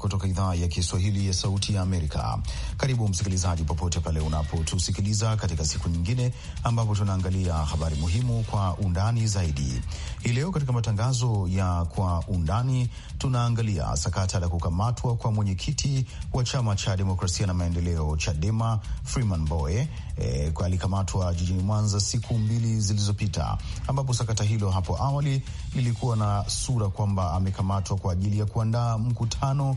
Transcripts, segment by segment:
kutoka idhaa ya Kiswahili ya Sauti ya Amerika. Karibu msikilizaji, popote pale unapotusikiliza katika siku nyingine ambapo tunaangalia habari muhimu kwa undani zaidi. Hii leo katika matangazo ya Kwa Undani tunaangalia sakata la kukamatwa kwa mwenyekiti wa chama cha demokrasia na maendeleo CHADEMA Freeman Mbowe. E, alikamatwa jijini Mwanza siku mbili zilizopita, ambapo sakata hilo hapo awali lilikuwa na sura kwamba amekamatwa kwa ajili ya kuandaa mkutano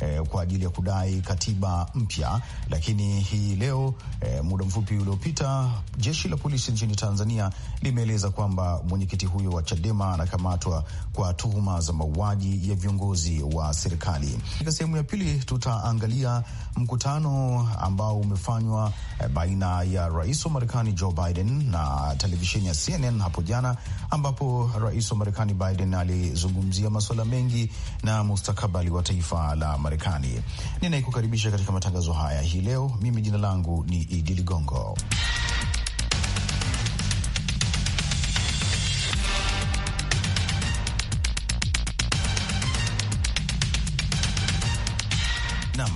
eh, kwa ajili ya kudai katiba mpya. Lakini hii leo eh, muda mfupi uliopita, jeshi la polisi nchini Tanzania limeeleza kwamba mwenyekiti huyo wa Chadema anakamatwa kwa tuhuma za mauaji ya viongozi wa serikali. Katika sehemu ya pili, tutaangalia mkutano ambao umefanywa eh, baina ya rais wa Marekani Joe Biden na televisheni ya CNN hapo jana, ambapo rais wa Marekani Biden alizungumzia masuala mengi na mustakabali wa taifa la Marekani. Marekani. Ninayekukaribisha katika matangazo haya hii leo, mimi jina langu ni Idi Ligongo.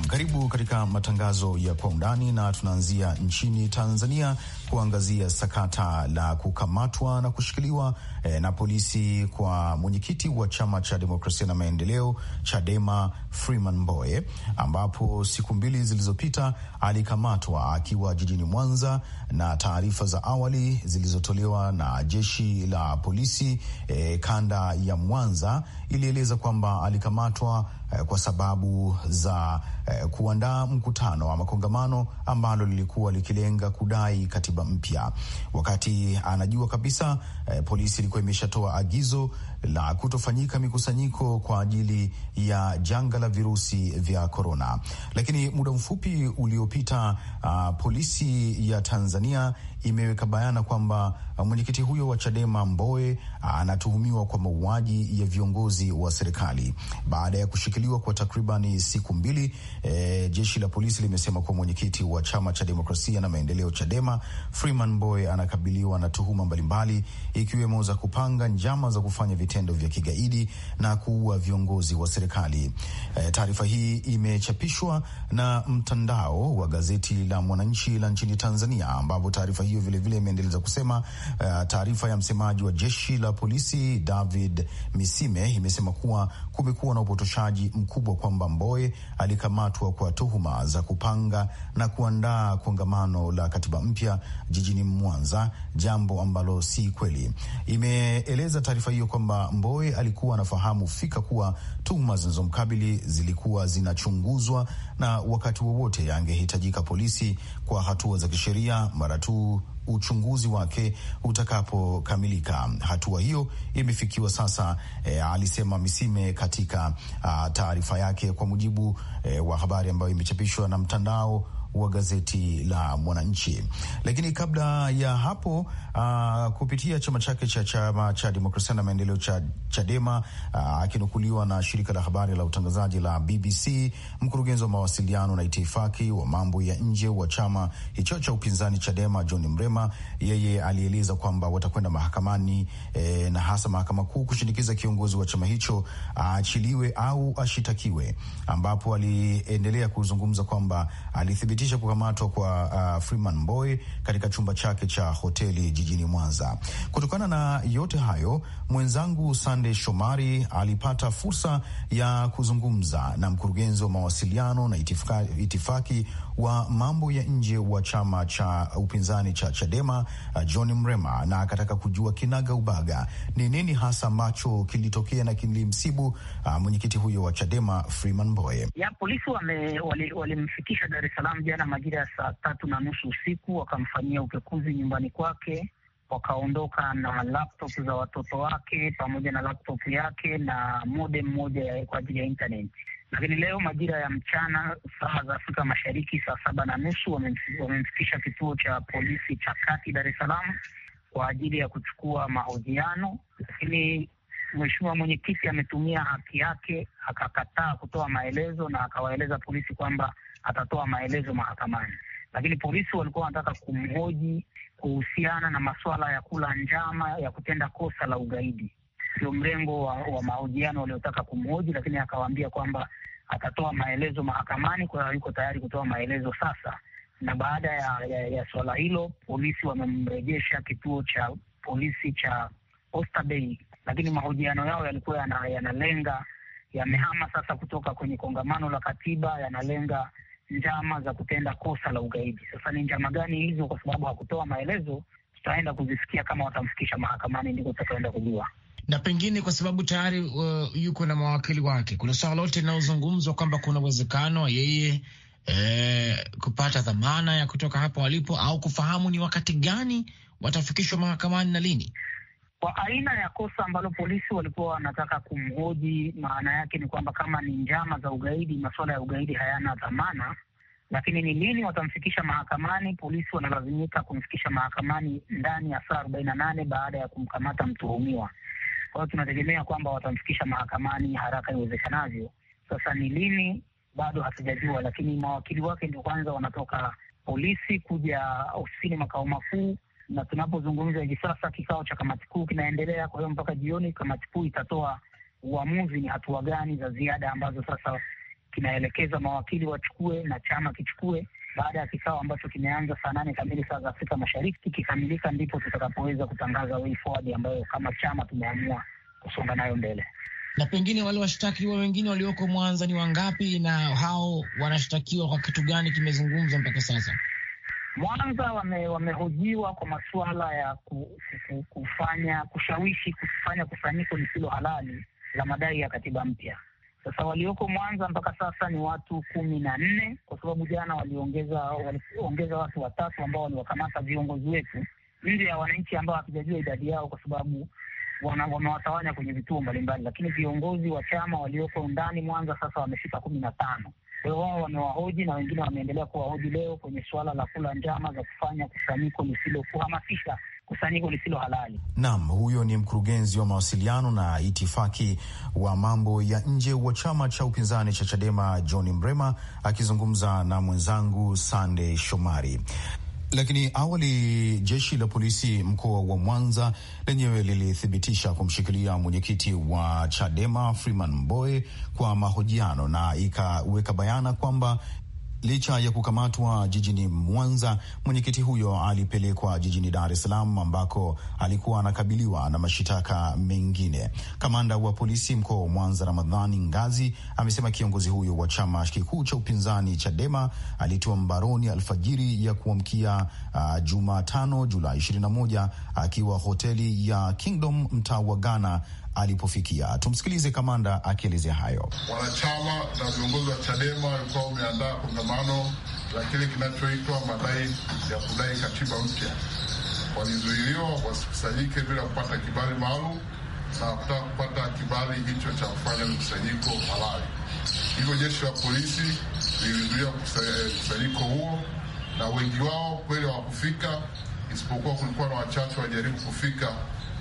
karibu katika matangazo ya kwa undani, na tunaanzia nchini Tanzania kuangazia sakata la kukamatwa na kushikiliwa eh, na polisi kwa mwenyekiti wa chama cha demokrasia na maendeleo Chadema Freeman Mbowe, ambapo siku mbili zilizopita alikamatwa akiwa jijini Mwanza, na taarifa za awali zilizotolewa na jeshi la polisi eh, kanda ya Mwanza ilieleza kwamba alikamatwa eh, kwa sababu za eh, kuandaa mkutano ama kongamano ambalo lilikuwa likilenga kudai katiba katiba mpya, wakati anajua kabisa eh, polisi ilikuwa imeshatoa agizo la kutofanyika mikusanyiko kwa ajili ya janga la virusi vya korona. Lakini muda mfupi uliopita, uh, polisi ya Tanzania imeweka bayana kwamba mwenyekiti huyo wa Chadema mboe uh, anatuhumiwa kwa mauaji ya viongozi wa serikali baada ya kushikiliwa kwa takribani siku mbili. E, jeshi la polisi limesema kuwa mwenyekiti wa chama cha demokrasia na maendeleo Chadema Freeman Mboe anakabiliwa na tuhuma mbalimbali ikiwemo za kupanga njama za kufanya vita vitendo vya kigaidi na kuua viongozi wa serikali. E, taarifa hii imechapishwa na mtandao wa gazeti la Mwananchi la nchini Tanzania, ambapo taarifa hiyo vilevile imeendeleza kusema e, taarifa ya msemaji wa jeshi la polisi David Misime imesema kuwa kumekuwa na upotoshaji mkubwa kwamba Mboye alikamatwa kwa tuhuma za kupanga na kuandaa kongamano la katiba mpya jijini Mwanza, jambo ambalo si kweli. Imeeleza taarifa hiyo kwamba kwamba Mbowe alikuwa anafahamu fika kuwa tuhuma zinazomkabili zilikuwa zinachunguzwa na wakati wowote angehitajika polisi kwa hatua za kisheria mara tu uchunguzi wake utakapokamilika. Hatua hiyo imefikiwa sasa, e, alisema Misime katika taarifa yake, kwa mujibu e, wa habari ambayo imechapishwa na mtandao wa gazeti la Mwananchi. Lakini kabla ya hapo uh, kupitia chama chake cha chama cha demokrasia na maendeleo cha Chadema ah, akinukuliwa uh, na shirika la habari la utangazaji la BBC, mkurugenzi wa mawasiliano na itifaki wa mambo ya nje wa chama hicho cha upinzani Chadema John Mrema, yeye alieleza kwamba watakwenda mahakamani eh, na hasa mahakama kuu kushinikiza kiongozi wa chama hicho aachiliwe uh, au ashitakiwe, ambapo aliendelea kuzungumza kwamba alithibitisha imethibitisha kukamatwa kwa uh, Freeman Mbowe katika chumba chake cha hoteli jijini Mwanza. Kutokana na yote hayo, mwenzangu Sande Shomari alipata fursa ya kuzungumza na mkurugenzi wa mawasiliano na itifaki, itifaki wa mambo ya nje wa chama cha upinzani cha Chadema uh, John Mrema, na akataka kujua kinaga ubaga ni nini hasa ambacho kilitokea na kilimsibu uh, mwenyekiti huyo wa Chadema Freeman Mbowe. Ya polisi walimfikisha wali Dar es Salaam jana majira ya saa tatu na nusu usiku, wakamfanyia upekuzi nyumbani kwake wakaondoka na laptop za watoto wake pamoja na laptop yake na modem moja kwa ajili ya intaneti. Lakini leo majira ya mchana, saa za Afrika Mashariki, saa saba na nusu, wamemfikisha kituo cha polisi cha kati Dar es Salaam kwa ajili ya kuchukua mahojiano, lakini mheshimiwa mwenyekiti ametumia haki yake akakataa kutoa maelezo na akawaeleza polisi kwamba atatoa maelezo mahakamani. Lakini polisi walikuwa wanataka kumhoji kuhusiana na masuala ya kula njama ya kutenda kosa la ugaidi sio mrengo wa, wa mahojiano waliotaka kumhoji, lakini akawaambia kwamba atatoa maelezo mahakamani, kwa hiyo yuko tayari kutoa maelezo sasa. Na baada ya, ya, ya suala hilo polisi wamemrejesha kituo cha polisi cha Oysterbay, lakini mahojiano yao yalikuwa yanalenga yamehama sasa kutoka kwenye kongamano la katiba, yanalenga njama za kutenda kosa la ugaidi. Sasa ni njama gani hizo? Kwa sababu hakutoa maelezo, tutaenda kuzisikia kama watamfikisha mahakamani, ndiko tutakaenda kujua na pengine kwa sababu tayari uh, yuko na mawakili wake, kuna swala lote linalozungumzwa kwamba kuna uwezekano wa yeye eh, kupata dhamana ya kutoka hapo walipo au kufahamu ni wakati gani watafikishwa mahakamani na lini. Kwa aina ya kosa ambalo polisi walikuwa wanataka kumhoji, maana yake ni kwamba kama ni njama za ugaidi, masuala ya ugaidi hayana dhamana, lakini ni lini watamfikisha mahakamani? Polisi wanalazimika kumfikisha mahakamani ndani ya saa arobaini na nane baada ya kumkamata mtuhumiwa. Kwa hiyo tunategemea kwamba watamfikisha mahakamani haraka iwezekanavyo. Sasa ni lini bado hatujajua, lakini mawakili wake ndio kwanza wanatoka polisi kuja ofisini makao makuu, na tunapozungumza hivi sasa kikao cha kamati kuu kinaendelea. Kwa hiyo mpaka jioni kamati kuu itatoa uamuzi ni hatua gani za ziada ambazo sasa kinaelekeza mawakili wachukue na chama kichukue baada ya kikao ambacho kimeanza saa nane kamili saa za Afrika Mashariki, kikikamilika ndipo tutakapoweza kutangaza way forward ambayo kama chama tumeamua kusonga nayo mbele. Na pengine wale washtakiwa wengine walioko Mwanza ni wangapi, na hao wanashtakiwa kwa kitu gani? Kimezungumzwa mpaka sasa Mwanza wame, wamehojiwa kwa masuala ya kufanya kushawishi kufanya kufanyiko lisilo halali la madai ya katiba mpya. Sasa walioko Mwanza mpaka sasa ni watu kumi na nne kwa sababu jana waliongeza waliongeza watu watatu ambao waliwakamata viongozi wetu nje ya wananchi ambao hatujajua idadi yao kwa sababu wamewatawanya kwenye vituo mbalimbali, lakini viongozi wa chama walioko ndani Mwanza sasa wamefika kumi na tano. Kwa hiyo wao wamewahoji na wengine wameendelea kuwahoji leo kwenye suala la kula njama za kufanya kusanyiko lisilokuhamasisha kusanyiko lisilo halali. Naam, huyo ni mkurugenzi wa mawasiliano na itifaki wa mambo ya nje wa chama cha upinzani cha Chadema John Mrema akizungumza na mwenzangu Sande Shomari. Lakini awali jeshi la polisi mkoa wa Mwanza lenyewe lilithibitisha kumshikilia mwenyekiti wa Chadema Freeman Mbowe kwa mahojiano na ikaweka bayana kwamba Licha ya kukamatwa jijini Mwanza, mwenyekiti huyo alipelekwa jijini Dar es Salaam ambako alikuwa anakabiliwa na mashitaka mengine. Kamanda wa polisi mkoa wa Mwanza, Ramadhani Ngazi, amesema kiongozi huyo wa chama kikuu cha upinzani Chadema alitiwa mbaroni alfajiri ya kuamkia uh, Jumatano Julai 21 akiwa hoteli ya Kingdom mtaa wa Ghana alipofikia. Tumsikilize kamanda akielezea hayo. Wanachama na viongozi wa CHADEMA walikuwa wameandaa kongamano la kile kinachoitwa madai ya kudai katiba mpya. Walizuiliwa wasikusanyike bila kupata kibali maalum na kutaka kupata kibali hicho cha kufanya mkusanyiko halali. Hivyo jeshi la polisi lilizuia eh, mkusanyiko huo, na wengi wao kweli hawakufika, isipokuwa kulikuwa na wachache wajaribu kufika,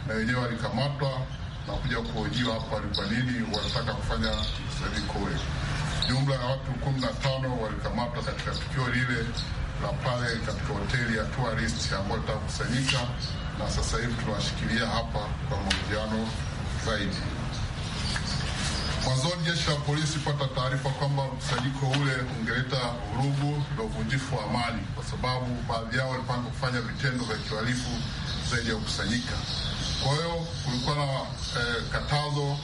na wenyewe walikamatwa na kuja kuhojiwa hapa kwa nini wanataka kufanya serikali. Jumla ya watu kumi na tano walikamatwa katika tukio lile la pale katika hoteli ya tourist ambayo litakusanyika, na sasa hivi tunawashikilia hapa kwa mahojiano zaidi. Mwanzoni jeshi la polisi pata taarifa kwamba mkusanyiko ule ungeleta vurugu na uvunjifu wa amani, kwa sababu baadhi yao walipanga kufanya vitendo vya kihalifu zaidi ya kukusanyika. Kwa hiyo kulikuwa na eh, katazo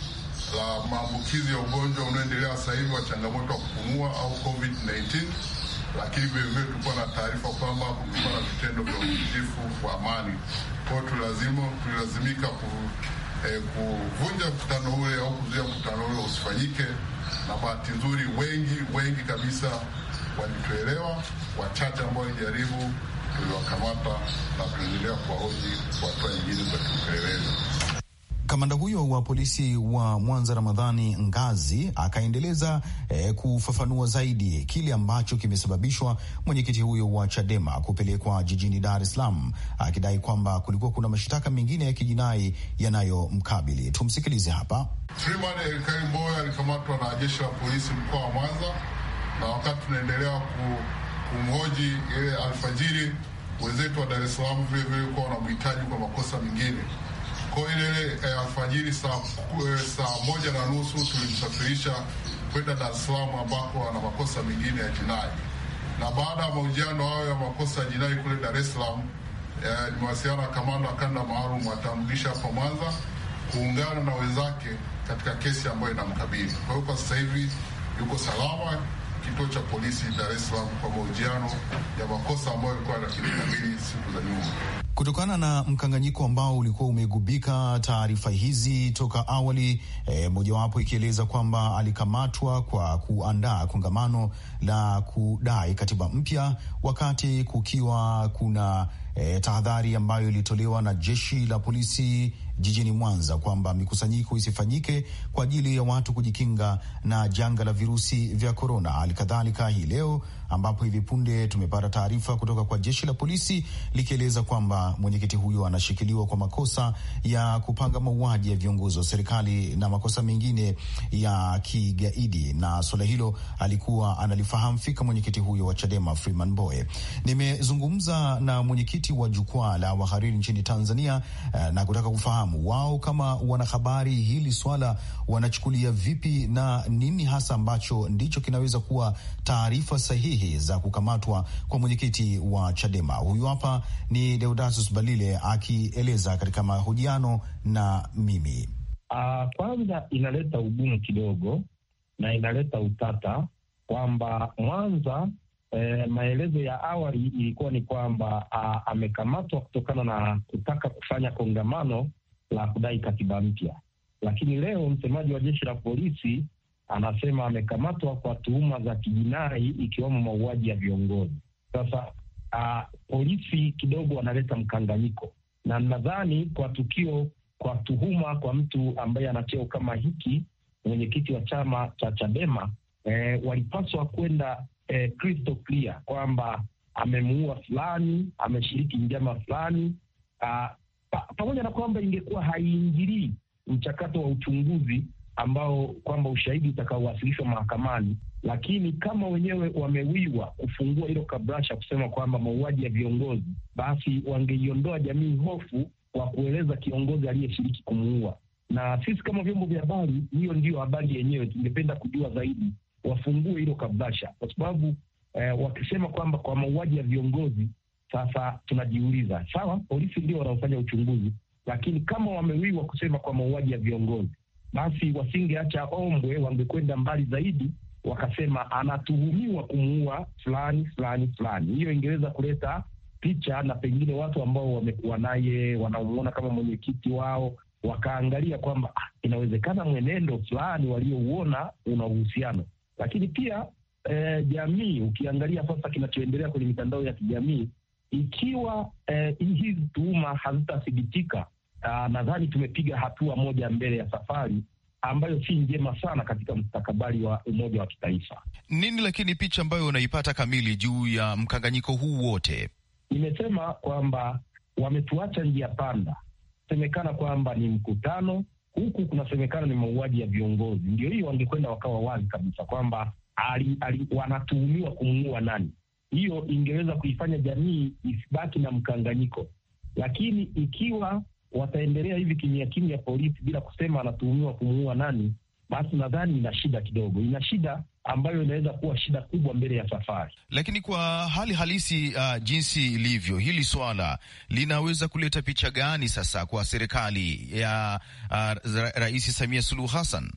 la maambukizi ya ugonjwa unaoendelea sasa hivi wa changamoto ya kupumua au COVID-19, lakini vilevile tulikuwa na taarifa kwamba kulikuwa na vitendo vya uvunjifu wa amani. Kwa hiyo tulazima tulilazimika ku, eh, kuvunja mkutano ule au kuzuia mkutano ule usifanyike, na bahati nzuri wengi wengi kabisa walituelewa, wachache ambao walijaribu tuliwakamata na tunaendelea kuwahoji kwa hatua nyingine za kiupelelezi. Kamanda huyo wa polisi wa Mwanza Ramadhani Ngazi akaendeleza eh, kufafanua zaidi kile ambacho kimesababishwa mwenyekiti huyo wa Chadema kupelekwa jijini Dar es Salaam akidai kwamba kulikuwa kuna mashtaka mengine ya kijinai yanayomkabili. Tumsikilize hapa. Freeman Elkai Mboya alikamatwa na jeshi la polisi mkoa wa Mwanza, na wakati tunaendelea ku kumhoji yeye alfajiri. Wenzetu wa Dar es Salaam vile vile kuwa wanamhitaji kwa makosa mengine kwa ile e, alfajiri saa, e, saa moja na nusu tulimsafirisha kwenda Dar es Salaam ambako ana makosa mengine ya jinai, na baada ya mahojiano hayo ya makosa ya jinai kule Dar es Salaam e, nimewasiliana na kamanda wa kanda maalum atamrudisha hapo Mwanza kuungana na wenzake katika kesi ambayo inamkabili. Kwa hiyo kwa sasa hivi yuko salama kituo cha polisi Dar es Salaam kwa mahojiano ya makosa ambayo yalikuwa yanakilikabili siku za nyuma. Kutokana na mkanganyiko ambao ulikuwa umegubika taarifa hizi toka awali, e, mojawapo ikieleza kwamba alikamatwa kwa kuandaa kongamano la kudai katiba mpya wakati kukiwa kuna eh, tahadhari ambayo ilitolewa na jeshi la polisi jijini Mwanza kwamba mikusanyiko isifanyike kwa ajili ya watu kujikinga na janga la virusi vya korona. Hali kadhalika hii leo ambapo hivi punde tumepata taarifa kutoka kwa jeshi la polisi likieleza kwamba mwenyekiti huyo anashikiliwa kwa makosa ya kupanga mauaji ya viongozi wa serikali na makosa mengine ya kigaidi, na suala hilo alikuwa analifahamu fika mwenyekiti huyo wa Chadema Freeman Mbowe. Nimezungumza na mwenyekiti wa jukwaa la wahariri nchini Tanzania eh, na kutaka kufahamu wao kama wanahabari hili swala wanachukulia vipi na nini hasa ambacho ndicho kinaweza kuwa taarifa sahihi sahihi za kukamatwa kwa mwenyekiti wa Chadema. Huyu hapa ni Deodatus Balile akieleza katika mahojiano na mimi. Uh, kwanza inaleta ugumu kidogo na inaleta utata kwamba Mwanza eh, maelezo ya awali ilikuwa ni kwamba uh, amekamatwa kutokana na kutaka kufanya kongamano la kudai katiba mpya, lakini leo msemaji wa jeshi la polisi anasema amekamatwa kwa tuhuma za kijinai ikiwemo mauaji ya viongozi. Sasa uh, polisi kidogo wanaleta mkanganyiko, na nadhani kwa tukio, kwa tuhuma kwa mtu ambaye ana cheo kama hiki, mwenyekiti wa chama cha Chadema eh, walipaswa kwenda eh, crystal clear kwamba amemuua fulani, ameshiriki njama fulani uh, pamoja na kwamba ingekuwa haiingilii mchakato wa uchunguzi ambao kwamba ushahidi utakaowasilishwa mahakamani, lakini kama wenyewe wamewiwa kufungua hilo kabrasha kusema kwamba mauaji ya viongozi, basi wangeiondoa jamii hofu kwa kueleza kiongozi aliyeshiriki kumuua. Na sisi kama vyombo vya habari, hiyo ndiyo habari yenyewe, tungependa kujua zaidi, wafungue hilo kabrasha kwa sababu eh, wakisema kwamba kwa mauaji ya viongozi, sasa tunajiuliza sawa, polisi ndio wanaofanya uchunguzi, lakini kama wamewiwa kusema kwa mauaji ya viongozi basi wasingeacha ombwe, wangekwenda mbali zaidi, wakasema anatuhumiwa kumuua fulani fulani fulani. Hiyo ingeweza kuleta picha na pengine watu ambao wamekuwa naye wanamwona kama mwenyekiti wao wakaangalia kwamba ah, inawezekana mwenendo fulani waliouona una uhusiano. Lakini pia eh, jamii ukiangalia sasa kinachoendelea kwenye mitandao ya kijamii, ikiwa eh, hizi tuhuma hazitathibitika Ah, nadhani tumepiga hatua moja mbele ya safari ambayo si njema sana katika mustakabali wa umoja wa kitaifa. Nini lakini picha ambayo unaipata kamili juu ya mkanganyiko huu wote? Nimesema kwamba wametuacha njia panda, semekana kwamba ni mkutano huku kunasemekana ni mauaji ya viongozi. Ndio hiyo wangekwenda wakawa wazi kabisa kwamba ali, ali, wanatuhumiwa kumuua nani. Hiyo ingeweza kuifanya jamii isibaki na mkanganyiko, lakini ikiwa wataendelea hivi kimya kimya, polisi bila kusema anatuhumiwa kumuua nani, basi nadhani ina shida kidogo, ina shida ambayo inaweza kuwa shida kubwa mbele ya safari. Lakini kwa hali halisi uh, jinsi ilivyo, hili swala linaweza kuleta picha gani sasa kwa serikali ya uh, Rais Samia Suluhu Hassan?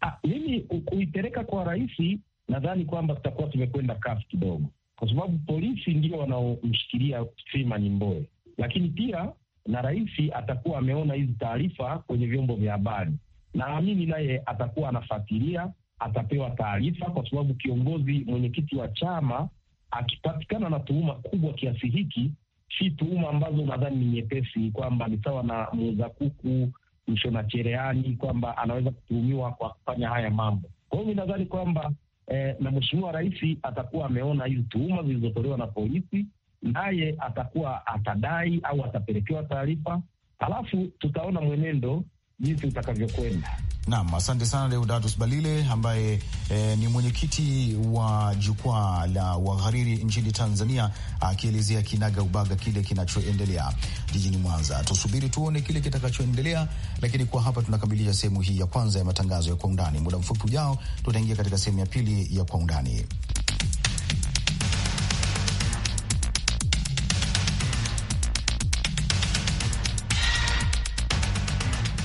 Ah, mimi kuipeleka kwa rais, nadhani kwamba tutakuwa tumekwenda kafu kidogo, kwa sababu polisi ndio wanaomshikilia Freeman Mbowe, lakini pia na rais atakuwa ameona hizi taarifa kwenye vyombo vya habari, naamini naye atakuwa anafuatilia, atapewa taarifa, kwa sababu kiongozi mwenyekiti wa chama akipatikana na tuhuma kubwa kiasi hiki, si tuhuma ambazo nadhani ni nyepesi, kwamba ni sawa na muuza kuku, mshona cherehani, kwamba anaweza kutuhumiwa kwa kufanya haya mambo. Kwa hiyo mi nadhani kwamba eh, na mheshimiwa rais atakuwa ameona hizi tuhuma zilizotolewa na polisi naye atakuwa atadai au atapelekewa taarifa, alafu tutaona mwenendo jinsi utakavyokwenda. Naam, asante sana Deodatus Balile ambaye e, ni mwenyekiti wa jukwaa la wahariri nchini Tanzania akielezea kinaga ubaga kile kinachoendelea jijini Mwanza. Tusubiri tuone kile kitakachoendelea, lakini kwa hapa tunakamilisha sehemu hii ya kwanza ya matangazo ya kwa undani. Muda mfupi ujao tutaingia katika sehemu ya pili ya kwa undani.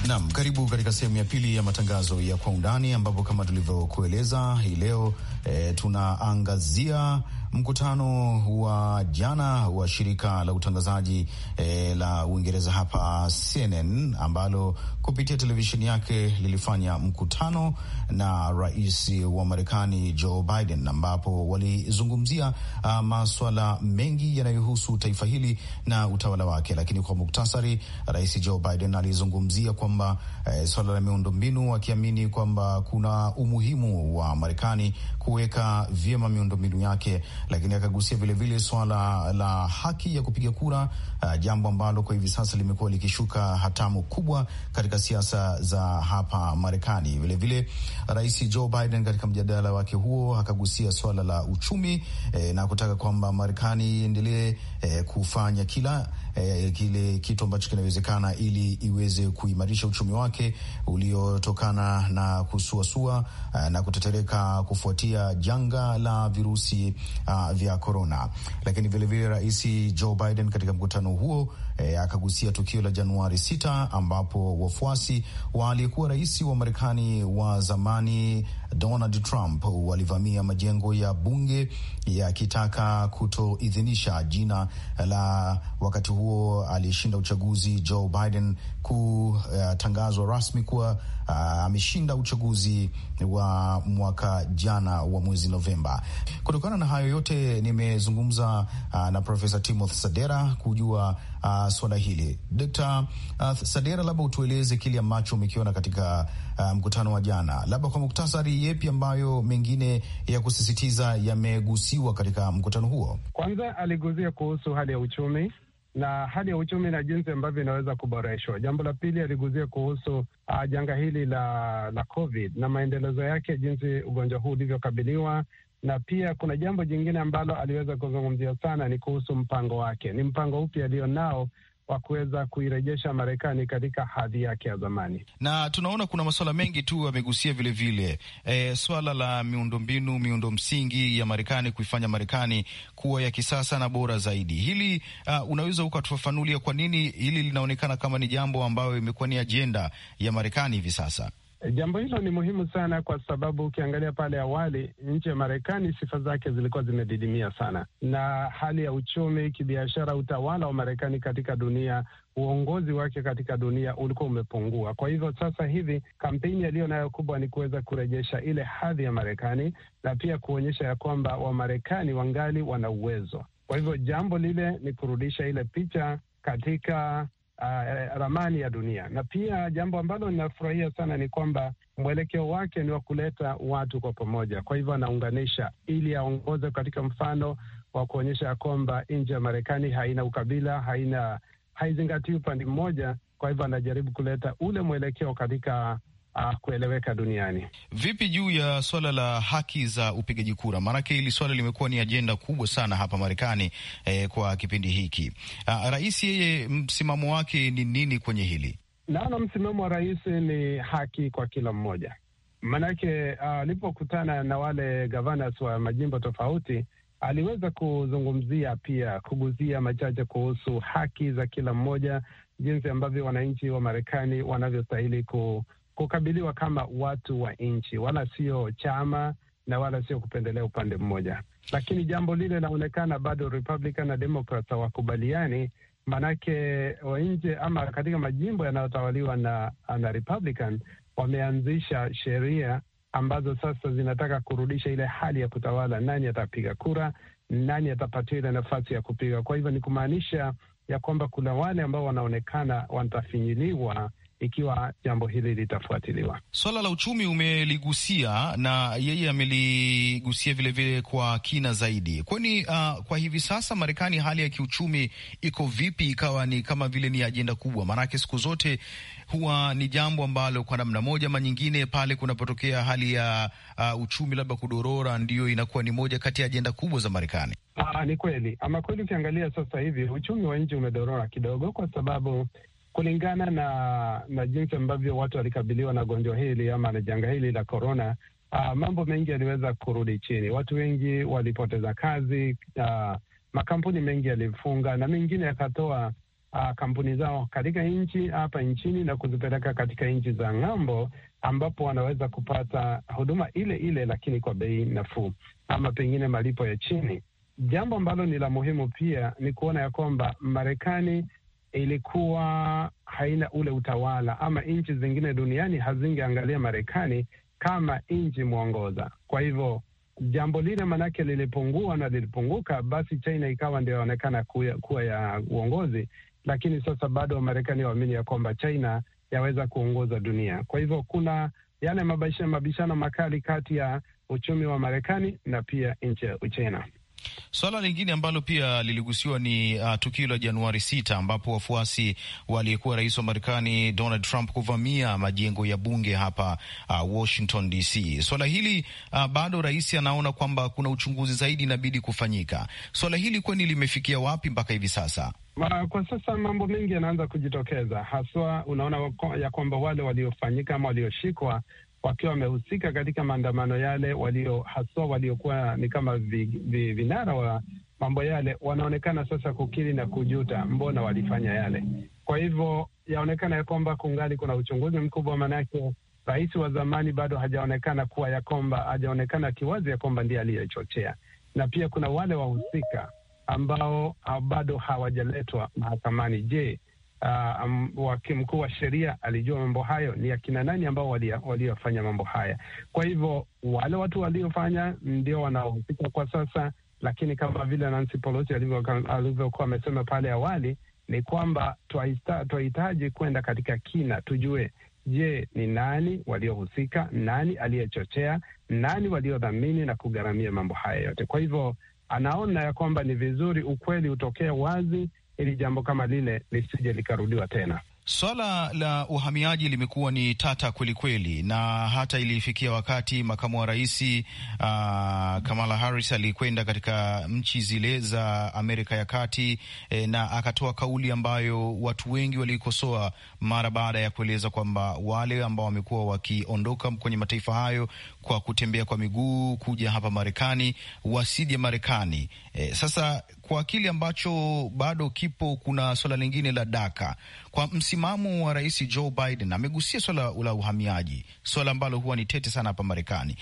Nam, karibu katika sehemu ya pili ya matangazo ya kwa undani, ambapo kama tulivyokueleza hii leo e, tunaangazia mkutano wa jana wa shirika la utangazaji e, la Uingereza hapa CNN ambalo kupitia televisheni yake lilifanya mkutano na rais wa Marekani Joe Biden ambapo walizungumzia ah, maswala mengi yanayohusu taifa hili na utawala wake, lakini kwa muktasari, rais Joe Biden alizungumzia kwamba e, swala la miundombinu akiamini kwamba kuna umuhimu wa Marekani kuweka vyema miundombinu yake, lakini akagusia vilevile swala la haki ya kupiga kura, uh, jambo ambalo kwa hivi sasa limekuwa likishuka hatamu kubwa katika siasa za hapa Marekani. Vilevile Rais Joe Biden katika mjadala wake huo akagusia swala la uchumi eh, na kutaka kwamba Marekani iendelee eh, kufanya kila eh, kile kitu ambacho kinawezekana ili iweze kuimarisha uchumi wake uliotokana na kusuasua eh, na kutetereka kufuatia janga la virusi uh, vya korona. Lakini vilevile Rais Joe Biden katika mkutano huo e, akagusia tukio la Januari 6 ambapo wafuasi wa aliyekuwa rais wa Marekani wa zamani Donald Trump walivamia majengo ya bunge yakitaka kutoidhinisha jina la wakati huo aliyeshinda uchaguzi Joe Biden kutangazwa uh, rasmi kuwa uh, ameshinda uchaguzi wa mwaka jana wa mwezi Novemba. Kutokana na hayo yote, nimezungumza uh, na Profesa Timothy Sadera kujua uh, swala hili Dkt. uh, Sadera, labda utueleze kile ambacho umekiona katika uh, mkutano wa jana, labda kwa muktasari, yepi ambayo mengine ya kusisitiza yamegusiwa katika mkutano huo? Kwanza aliguzia kuhusu hali ya uchumi na hali ya uchumi na jinsi ambavyo inaweza kuboreshwa. Jambo la pili aliguzia kuhusu uh, janga hili la la COVID na maendelezo yake, jinsi ugonjwa huu ulivyokabiliwa na pia kuna jambo jingine ambalo aliweza kuzungumzia sana ni kuhusu mpango wake, ni mpango upi nao wa kuweza kuirejesha Marekani katika hadhi yake ya zamani, na tunaona kuna masuala mengi tu amegusia vilevile, e, swala la miundombinu, miundo msingi ya Marekani, kuifanya Marekani kuwa ya kisasa na bora zaidi. Hili uh, unaweza ukatufafanulia kwa nini hili linaonekana kama ni jambo ambayo imekuwa ni ajenda ya Marekani hivi sasa? Jambo hilo ni muhimu sana kwa sababu ukiangalia pale awali nchi ya Marekani sifa zake zilikuwa zimedidimia sana, na hali ya uchumi, kibiashara, utawala wa Marekani katika dunia, uongozi wake katika dunia ulikuwa umepungua. Kwa hivyo sasa hivi kampeni yaliyo nayo kubwa ni kuweza kurejesha ile hadhi ya Marekani na pia kuonyesha ya kwamba Wamarekani wangali wana uwezo. Kwa hivyo jambo lile ni kurudisha ile picha katika uh, ramani ya dunia. Na pia jambo ambalo ninafurahia sana ni kwamba mwelekeo wake ni wa kuleta watu kwa pamoja. Kwa hivyo anaunganisha ili aongoze katika mfano wa kuonyesha kwamba nchi ya Marekani haina ukabila, haina haizingatii upande mmoja. Kwa hivyo anajaribu kuleta ule mwelekeo katika uh, kueleweka duniani. Vipi juu ya swala la haki za upigaji kura? Maanake hili swala limekuwa ni ajenda kubwa sana hapa Marekani eh, kwa kipindi hiki uh, rais yeye msimamo wake ni nini kwenye hili? Naona msimamo wa rais ni haki kwa kila mmoja, maanake ah, alipokutana uh, na wale gavanas wa majimbo tofauti aliweza kuzungumzia pia kuguzia machache kuhusu haki za kila mmoja, jinsi ambavyo wananchi wa Marekani wanavyostahili ku, kukabiliwa kama watu wa nchi, wala sio chama na wala sio kupendelea upande mmoja. Lakini jambo lile linaonekana bado Republican na Democrats hawakubaliani, manake wa nje ama katika majimbo yanayotawaliwa na, na Republican wameanzisha sheria ambazo sasa zinataka kurudisha ile hali ya kutawala, nani atapiga kura, nani atapatiwa ile nafasi ya kupiga. Kwa hivyo ni kumaanisha ya kwamba kuna wale ambao wanaonekana watafinyiliwa ikiwa jambo hili litafuatiliwa. Swala la uchumi umeligusia na yeye ameligusia vilevile kwa kina zaidi. Kwani uh, kwa hivi sasa Marekani hali ya kiuchumi iko vipi? Ikawa ni kama vile ni ajenda kubwa, maanake siku zote huwa ni jambo ambalo kwa namna moja ama nyingine pale kunapotokea hali ya uh, uchumi labda kudorora, ndiyo inakuwa ni moja kati ya ajenda kubwa za Marekani. Aa, ah, ni kweli ama kweli, ukiangalia sasa hivi uchumi wa nchi umedorora kidogo kwa sababu kulingana na, na jinsi ambavyo watu walikabiliwa na gonjwa hili ama na janga hili la korona. Uh, ah, mambo mengi yaliweza kurudi chini, watu wengi walipoteza kazi, uh, makampuni mengi yalifunga na mengine yakatoa uh, kampuni zao katika nchi hapa nchini na kuzipeleka katika nchi za ng'ambo, ambapo wanaweza kupata huduma ile ile lakini kwa bei nafuu ama pengine malipo ya chini. Jambo ambalo ni la muhimu pia ni kuona ya kwamba Marekani ilikuwa haina ule utawala ama nchi zingine duniani hazingeangalia Marekani kama nchi mwongoza. Kwa hivyo jambo lile maanake lilipungua na lilipunguka, basi China ikawa ndio yaonekana kuwa ya uongozi, lakini sasa bado Wamarekani waamini ya kwamba China yaweza kuongoza dunia. Kwa hivyo kuna yale mabishano makali kati ya uchumi wa Marekani na pia nchi ya Uchina swala lingine ambalo pia liligusiwa ni uh, tukio la Januari sita ambapo wafuasi waliyekuwa rais wa Marekani Donald Trump kuvamia majengo ya bunge hapa uh, Washington DC. swala hili uh, bado rais anaona kwamba kuna uchunguzi zaidi inabidi kufanyika. swala hili kweni limefikia wapi mpaka hivi sasa? Kwa sasa mambo mengi yanaanza kujitokeza, haswa unaona ya kwamba wale waliofanyika ama walioshikwa wakiwa wamehusika katika maandamano yale, walio haswa waliokuwa ni kama vi, vi, vinara wa mambo yale, wanaonekana sasa kukiri na kujuta, mbona walifanya yale. Kwa hivyo yaonekana ya kwamba kungali kuna uchunguzi mkubwa, maanake rais wa zamani bado hajaonekana kuwa ya kwamba hajaonekana kiwazi ya kwamba ndiye aliyechochea, na pia kuna wale wahusika ambao ah, bado hawajaletwa mahakamani. Je, uh, ah, mkuu wa sheria alijua mambo hayo, ni akina nani ambao waliofanya mambo haya. Kwa hivyo wale watu waliofanya ndio wanaohusika kwa sasa, lakini kama vile Nancy Pelosi alivyokuwa amesema pale awali ni kwamba twahitaji kwenda katika kina, tujue Je, ni nani waliohusika? Nani aliyechochea? Nani waliodhamini na kugharamia mambo haya yote? Kwa hivyo anaona ya kwamba ni vizuri ukweli utokee wazi, ili jambo kama lile lisije likarudiwa tena. Swala la uhamiaji limekuwa ni tata kwelikweli, na hata ilifikia wakati makamu wa rais uh, Kamala Harris alikwenda katika nchi zile za Amerika ya Kati eh, na akatoa kauli ambayo watu wengi walikosoa mara baada ya kueleza kwamba wale ambao wamekuwa wakiondoka kwenye mataifa hayo kwa kutembea kwa miguu kuja hapa Marekani wasije Marekani E, sasa kwa kile ambacho bado kipo, kuna swala lingine la daka. Kwa msimamo wa Rais Joe Biden, amegusia swala la uhamiaji, swala ambalo huwa ni tete sana hapa Marekani.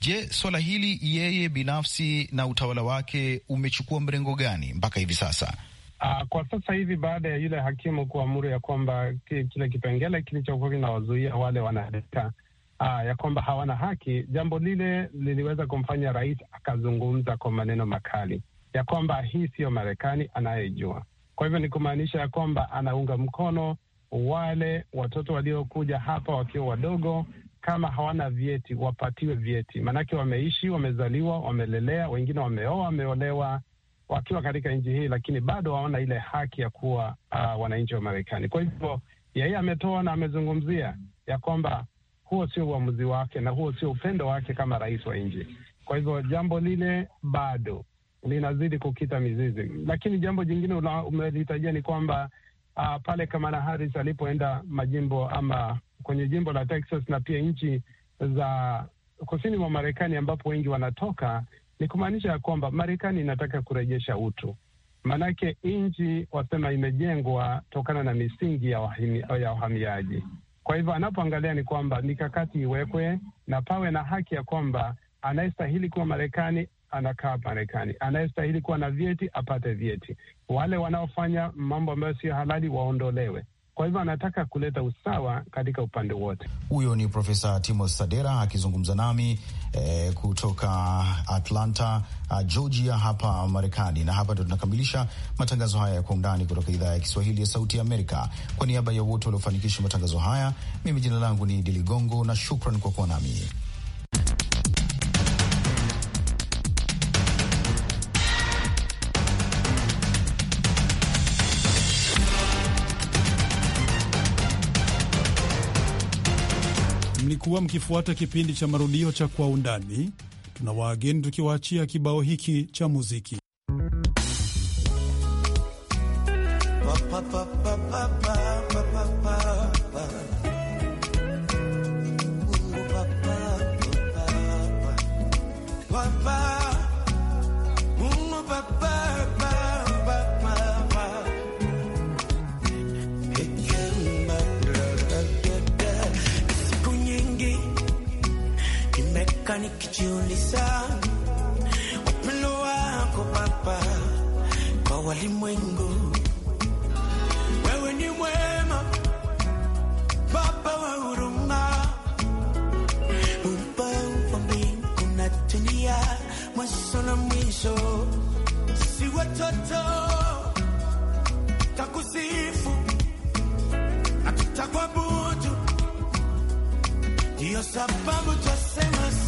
Je, swala hili yeye binafsi na utawala wake umechukua mrengo gani mpaka hivi sasa? Uh, kwa sasa hivi baada ya yule hakimu kuamuru ya kwamba kile kipengele kilichokuwa kinawazuia wale wanadaka uh, ah, ya kwamba hawana haki, jambo lile liliweza kumfanya rais akazungumza kwa maneno makali ya kwamba hii siyo Marekani anayejua. Kwa hivyo ni kumaanisha ya kwamba anaunga mkono wale watoto waliokuja hapa wakiwa wadogo, kama hawana vyeti wapatiwe vyeti, maanake wameishi, wamezaliwa, wamelelea, wengine wameoa, wameolewa wakiwa katika nchi hii, lakini bado waona ile haki ya kuwa uh, wananchi wa Marekani. Kwa hivyo yeye ametoa na amezungumzia ya kwamba huo sio uamuzi wake na huo sio upendo wake kama rais wa nchi. Kwa hivyo jambo lile bado linazidi kukita mizizi. Lakini jambo jingine umelitajia ni kwamba uh, pale Kamala Harris alipoenda majimbo ama kwenye jimbo la Texas na pia nchi za kusini mwa Marekani ambapo wengi wanatoka, ni kumaanisha ya kwamba Marekani inataka kurejesha utu, maanake nchi wasema imejengwa tokana na misingi ya, wahimi, ya wahamiaji. Kwa hivyo anapoangalia ni kwamba mikakati iwekwe na pawe na haki ya kwamba anayestahili kuwa Marekani anakaa Marekani, anayestahili kuwa na vyeti apate vyeti, wale wanaofanya mambo ambayo sio halali waondolewe. Kwa hivyo anataka kuleta usawa katika upande wote. Huyo ni Profesa Timothy Sadera akizungumza nami eh, kutoka Atlanta, uh, Georgia hapa Marekani. Na hapa ndo tunakamilisha matangazo haya ya Kwa Undani kutoka idhaa ya Kiswahili ya Sauti ya Amerika. Kwa niaba ya wote waliofanikisha matangazo haya, mimi jina langu ni Idi Ligongo na shukran kwa kuwa nami. mlikuwa mkifuata kipindi cha marudio cha Kwa Undani. Tuna waageni tukiwaachia kibao hiki cha muziki pa, pa, pa, pa, pa, pa, pa, pa. kujiuliza upendo wako Baba kwa walimwengu. Wewe ni mwema Baba wa huruma, Muumba wa mbingu na dunia, mwanzo na mwisho. Si watoto takusifu na tutakuabudu, ndiyo sababu twasema